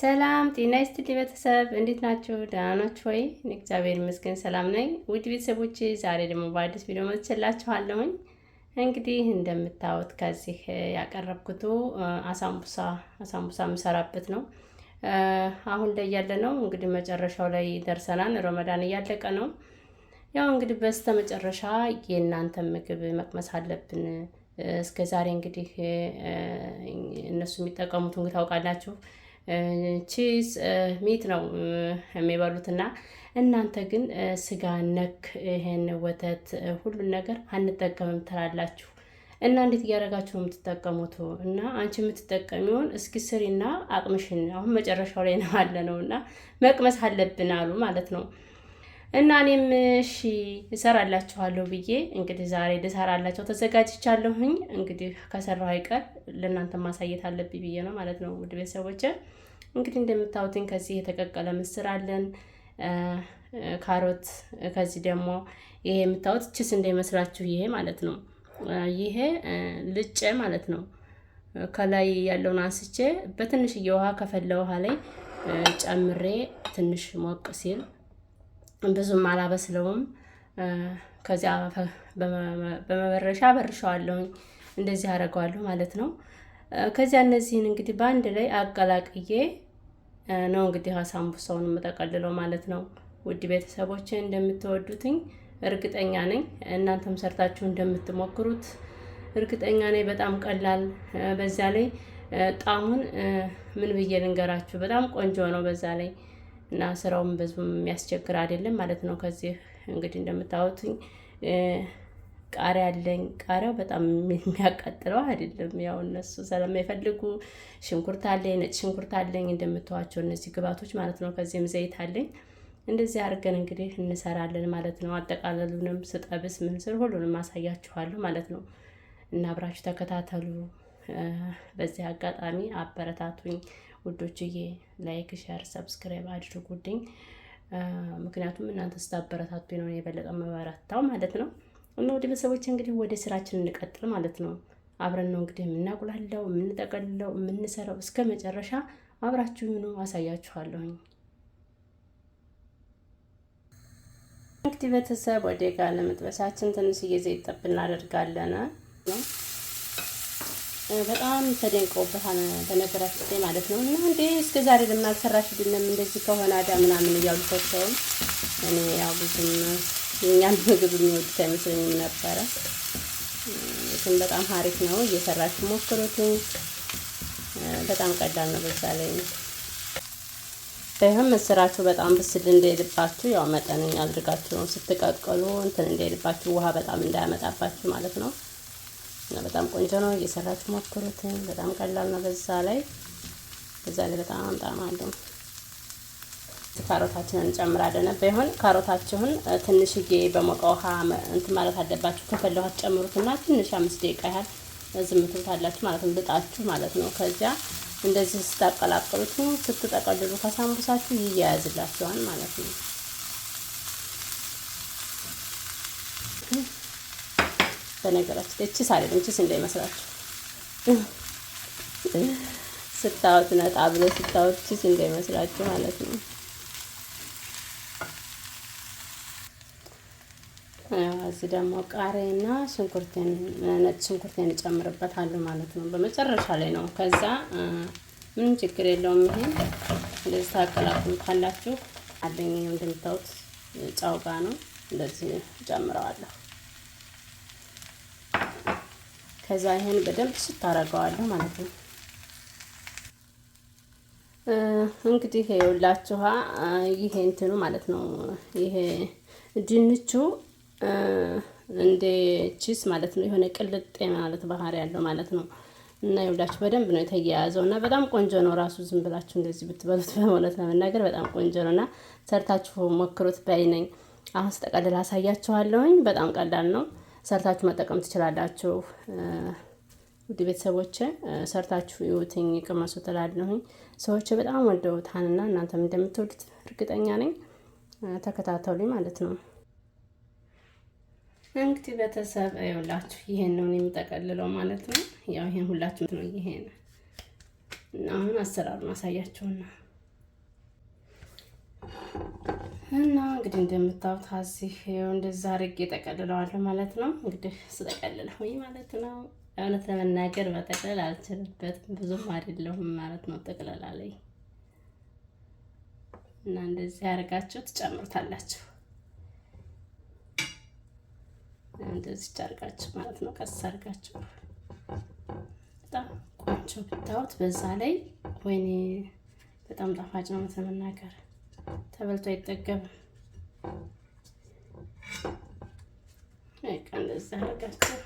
ሰላም ጤና ይስጥልኝ ቤተሰብ፣ እንዴት ናችሁ? ደህና ናችሁ ወይ? እግዚአብሔር ይመስገን ሰላም ነኝ። ውድ ቤተሰቦች ዛሬ ደግሞ በአዲስ ቪዲዮ መጥቼላችኋለሁኝ። እንግዲህ እንደምታዩት ከዚህ ያቀረብኩት አሳምቡሳ አሳምቡሳ የምሰራበት ነው። አሁን ላይ ያለ ነው እንግዲህ መጨረሻው ላይ ደርሰናል። ረመዳን እያለቀ ነው። ያው እንግዲህ በስተ መጨረሻ የእናንተ ምግብ መቅመስ አለብን። እስከ ዛሬ እንግዲህ እነሱ የሚጠቀሙት እንግዲህ ታውቃላችሁ ቺዝ ሚት ነው የሚበሉትና እናንተ ግን ስጋ ነክ ይሄን ወተት ሁሉን ነገር አንጠቀምም ትላላችሁ እና እንዴት እያደረጋችሁ ነው የምትጠቀሙት? እና አንቺ የምትጠቀሚውን እስኪ ስሪና አቅምሽን አሁን መጨረሻው ላይ ነው አለ ነው እና መቅመስ አለብን አሉ ማለት ነው። እና እኔም እሺ እሰራላችኋለሁ ብዬ እንግዲህ ዛሬ ልሰራላቸው ተዘጋጅቻለሁኝ። እንግዲህ ከሰራሁ አይቀር ለእናንተ ማሳየት አለብኝ ብዬ ነው ማለት ነው። ውድ ቤተሰቦች እንግዲህ እንደምታዩትኝ ከዚህ የተቀቀለ ምስር አለን፣ ካሮት፣ ከዚህ ደግሞ ይሄ የምታዩት ችስ እንዳይመስላችሁ ይሄ ማለት ነው። ይሄ ልጬ ማለት ነው። ከላይ ያለውን አንስቼ በትንሽዬ ውሃ ከፈለ ውሃ ላይ ጨምሬ ትንሽ ሞቅ ሲል ብዙም አላበስለውም። ከዚያ በመበረሻ በርሸዋለሁኝ እንደዚህ አደርገዋለሁ ማለት ነው። ከዚያ እነዚህን እንግዲህ በአንድ ላይ አቀላቅዬ ነው እንግዲህ ሳምቡሳውን የምጠቀልለው ማለት ነው። ውድ ቤተሰቦች እንደምትወዱትኝ እርግጠኛ ነኝ። እናንተም ሰርታችሁ እንደምትሞክሩት እርግጠኛ ነኝ። በጣም ቀላል፣ በዛ ላይ ጣሁን ምን ብዬ ልንገራችሁ፣ በጣም ቆንጆ ነው በዛ ላይ እና ስራውም ብዙም የሚያስቸግር አይደለም ማለት ነው። ከዚህ እንግዲህ እንደምታወቱኝ ቃሪያ አለኝ። ቃሪያው በጣም የሚያቃጥለው አይደለም። ያው እነሱ ስለማይፈልጉ ሽንኩርት አለኝ፣ ነጭ ሽንኩርት አለኝ። እንደምታዋቸው እነዚህ ግብአቶች ማለት ነው። ከዚህም ዘይት አለኝ። እንደዚህ አድርገን እንግዲህ እንሰራለን ማለት ነው። አጠቃለሉንም ስጠብስ ምን ስል ሁሉንም አሳያችኋለሁ ማለት ነው። እና አብራችሁ ተከታተሉ። በዚህ አጋጣሚ አበረታቱኝ። ውዶችዬ ላይክ፣ ሸር፣ ሰብስክራይብ አድርጉልኝ። ምክንያቱም እናንተ ስታበረታቱ ነው የበለጠ መበረታው ማለት ነው። እና ወደ ቤተሰቦች እንግዲህ ወደ ስራችን እንቀጥል ማለት ነው። አብረን ነው እንግዲህ የምናቁላለው፣ የምንጠቀልለው፣ የምንሰራው እስከ መጨረሻ አብራችሁ ነው አሳያችኋለሁኝ። እንግዲህ ቤተሰብ ወደ ጋር ለመጥበሳችን ትንሽዬ ጊዜ ጠብ እናደርጋለን። በጣም ተደንቀውበታል በነገራችን ጊዜ ማለት ነው። እና እንዴ እስከ ዛሬ ለምን አልሰራሽልንም እንደዚህ ከሆነ አዳ ምናምን እያሉ ሰጥተውም እኔ ያው ብዙም የእኛን ምግብ የሚወዱት አይመስለኝም ነበረ። ግን በጣም ሀሪፍ ነው፣ እየሰራችሁ ሞክሩት። በጣም ቀላል ነው። በዛ ላይ ይህም ምስራችሁ በጣም ብስል እንዳይልባችሁ ያው መጠነኛ አድርጋችሁ ነው ስትቀቅሉ እንትን እንዳይልባችሁ ውሃ በጣም እንዳያመጣባችሁ ማለት ነው። እና በጣም ቆንጆ ነው። እየሰራችሁ ሞክሩትን። በጣም ቀላል ነው። በዛ ላይ በዛ ላይ በጣም ጣዕም አለው። ካሮታችንን እንጨምራለን። በይሆን ካሮታችሁን ትንሽዬ በሞቀ ውሃ እንትን ማለት አለባችሁ። ከፈለ ውሃ ትንሽ አምስት ደቂቃ ያህል ዝምትት አላችሁ ማለት ነው። ልጣችሁ ማለት ነው። ከዚያ እንደዚህ ስታቀላቅሉት ስትጠቀልሉ ከሳምቡሳችሁ ይያያዝላችኋል ማለት ነው። ላይ ችስ አይደለም፣ እቺስ እንዳይመስላችሁ ስታወት ነጣ ብለ ስታወት እቺስ እንዳይመስላችሁ ማለት ነው። እዚህ ደግሞ ቃሬና ሽንኩርቴን ነጭ ሽንኩርቴን እጨምርበታለሁ ማለት ነው። በመጨረሻ ላይ ነው። ከዛ ምንም ችግር የለውም። ይሄን እንደዚህ ካላችሁ አለኝ እንደምታዩት ጨው ጋ ነው እንደዚህ እጨምረዋለሁ። ከዛ ይሄን በደንብ ስታረገዋለሁ ማለት ነው። እንግዲህ ይኸውላችኋ ይሄ እንትኑ ማለት ነው። ይሄ ድንቹ እንደ ቺስ ማለት ነው። የሆነ ቅልጤ ማለት ባህሪ ያለው ማለት ነው። እና ይኸውላችሁ በደንብ ነው የተያያዘው እና በጣም ቆንጆ ነው። ራሱ ዝም ብላችሁ እንደዚህ ብትበሉት በእውነት ለመናገር በጣም ቆንጆ ነው እና ሰርታችሁ ሞክሩት ባይ ነኝ። አሁን ስጠቀልል አሳያችኋለሁኝ። በጣም ቀላል ነው። ሰርታችሁ መጠቀም ትችላላችሁ። ውድ ቤተሰቦች ሰርታችሁ ይውትኝ ቅመሱ ትላለሁኝ። ሰዎች በጣም ወደውታንና እናንተም እንደምትወዱት እርግጠኛ ነኝ። ተከታተሉኝ ማለት ነው። እንግዲህ ቤተሰብ ይኸውላችሁ ይሄን ነው የሚጠቀልለው ማለት ነው። ያው ይሄን ሁላችሁ ነው ይሄን እና አሁን አሰራሩን አሳያችሁና እና እንግዲህ እንደምታዩት እዚህ እንደዛ አድርጌ ጠቀልለዋለሁ ማለት ነው። እንግዲህ ስጠቀልለው ማለት ነው። እውነት ለመናገር መጠቅለል አልችልበትም ብዙም አይደለሁም ማለት ነው። ጠቅለላ ላይ እና እንደዚህ አድርጋችሁ ትጨምሩታላችሁ። እንደዚህ አድርጋችሁ ማለት ነው። ቀስ አድርጋችሁ በጣም ቆንጆ ብታዩት። በዛ ላይ ወይኔ በጣም ጣፋጭ ነው ለመናገር ተበልቶ አይጠገብም። ቀንደዛ አድርጋችሁ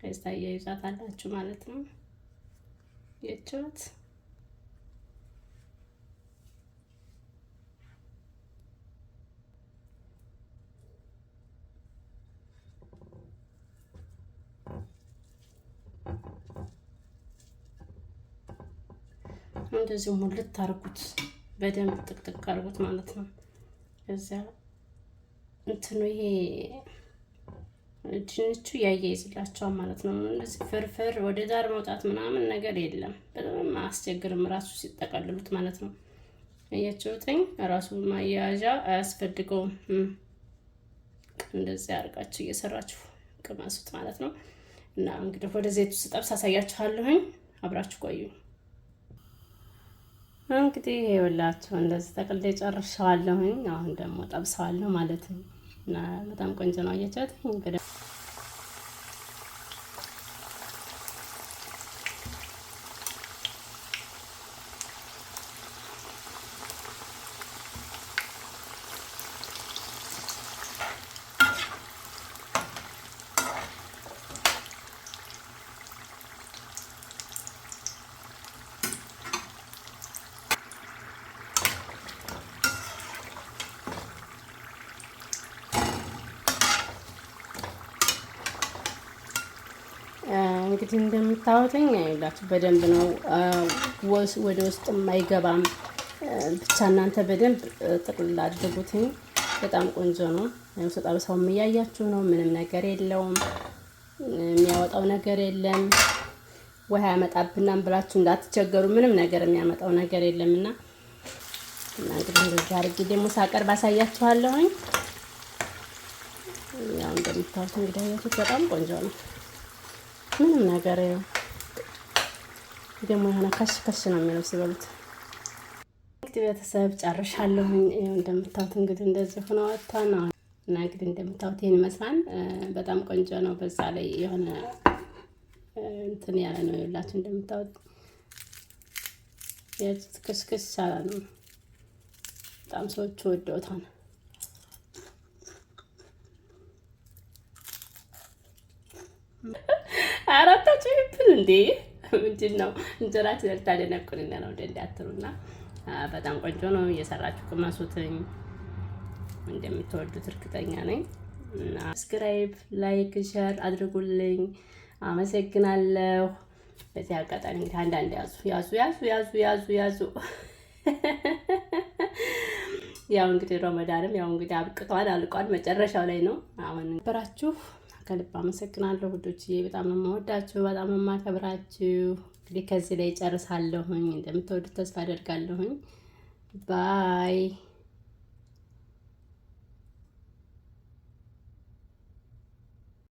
ከዛ እያይዛት አላችሁ ማለት ነው የችዋት እንደዚህ ሙልት አድርጉት በደንብ ጥቅጥቅ አርጉት ማለት ነው። ከዚያ እንትኑ ይሄ ድንቹ ያየ ማለት ነው። እንደዚህ ፍርፍር ወደ ዳር መውጣት ምናምን ነገር የለም። በጣም አያስቸግርም ራሱ ሲጠቀልሉት ማለት ነው። እያችሁትኝ ራሱ ማያያዣ አያስፈልገውም። እንደዚህ አድርጋችሁ እየሰራችሁ ቅመሱት ማለት ነው። እና እንግዲህ ወደ ዘይቱ ስጠብስ አሳያችኋለሁኝ። አብራችሁ ቆዩ። እንግዲህ ይኸውላችሁ እንደዚህ ጠቅልዬ ጨርሻዋለሁኝ። አሁን ደግሞ ጠብሰዋለሁ ማለት ነው እና በጣም ቆንጆ ነው እንግዲህ እንደዚህ እንደምታወተኝ አይላችሁ በደንብ ነው ወደ ውስጥ የማይገባም። ብቻ እናንተ በደንብ ጥቅልል አድርጉትኝ። በጣም ቆንጆ ነው። ሰጣብሳው እያያችሁ ነው። ምንም ነገር የለውም፣ የሚያወጣው ነገር የለም። ውሃ ያመጣብናም ብላችሁ እንዳትቸገሩ። ምንም ነገር የሚያመጣው ነገር የለምና እና እንግዲህ እንደዚህ አድርጌ ደግሞ ሳቀርብ አሳያችኋለሁኝ። ያው እንደምታዩት እንግዲህ በጣም ቆንጆ ነው። ምንም ነገር ያው ደግሞ የሆነ ከሽ ከሽ ነው የሚለው ሲበሉት። እንግዲህ ቤተሰብ ጨርሻለሁኝ። እንደምታዩት እንግዲህ እንደዚህ ሆኖ ወጥቷ ነው እና እንግዲህ እንደምታዩት ይህን ይመስላል። በጣም ቆንጆ ነው። በዛ ላይ የሆነ እንትን ያለ ነው የላችሁ እንደምታዩት የክስክስ ያለ ነው። በጣም ሰዎቹ ወደውታ ነው። እንዴ ምንድን ነው ነው እንደ በጣም ቆንጆ ነው እየሰራችሁ ቅመሱትኝ። እንደምትወዱት እርግጠኛ ነኝ። እና ላይክ፣ ሸር አድርጉልኝ። አመሰግናለሁ። በዚህ አጋጣሚ እንግዲህ አንዳንድ ያዙ ያዙ ያዙ ያዙ ያዙ ያዙ። ያው እንግዲህ ረመዳንም ያው እንግዲህ አብቅቷል፣ አልቋል፣ መጨረሻው ላይ ነው አሁን በራችሁ ከልብ አመሰግናለሁ ውዶችዬ። በጣም ነው የማወዳችሁ፣ በጣም የማከብራችሁ። እንግዲህ ከዚህ ላይ ጨርሳለሁኝ። እንደምትወዱት ተስፋ አደርጋለሁኝ። ባይ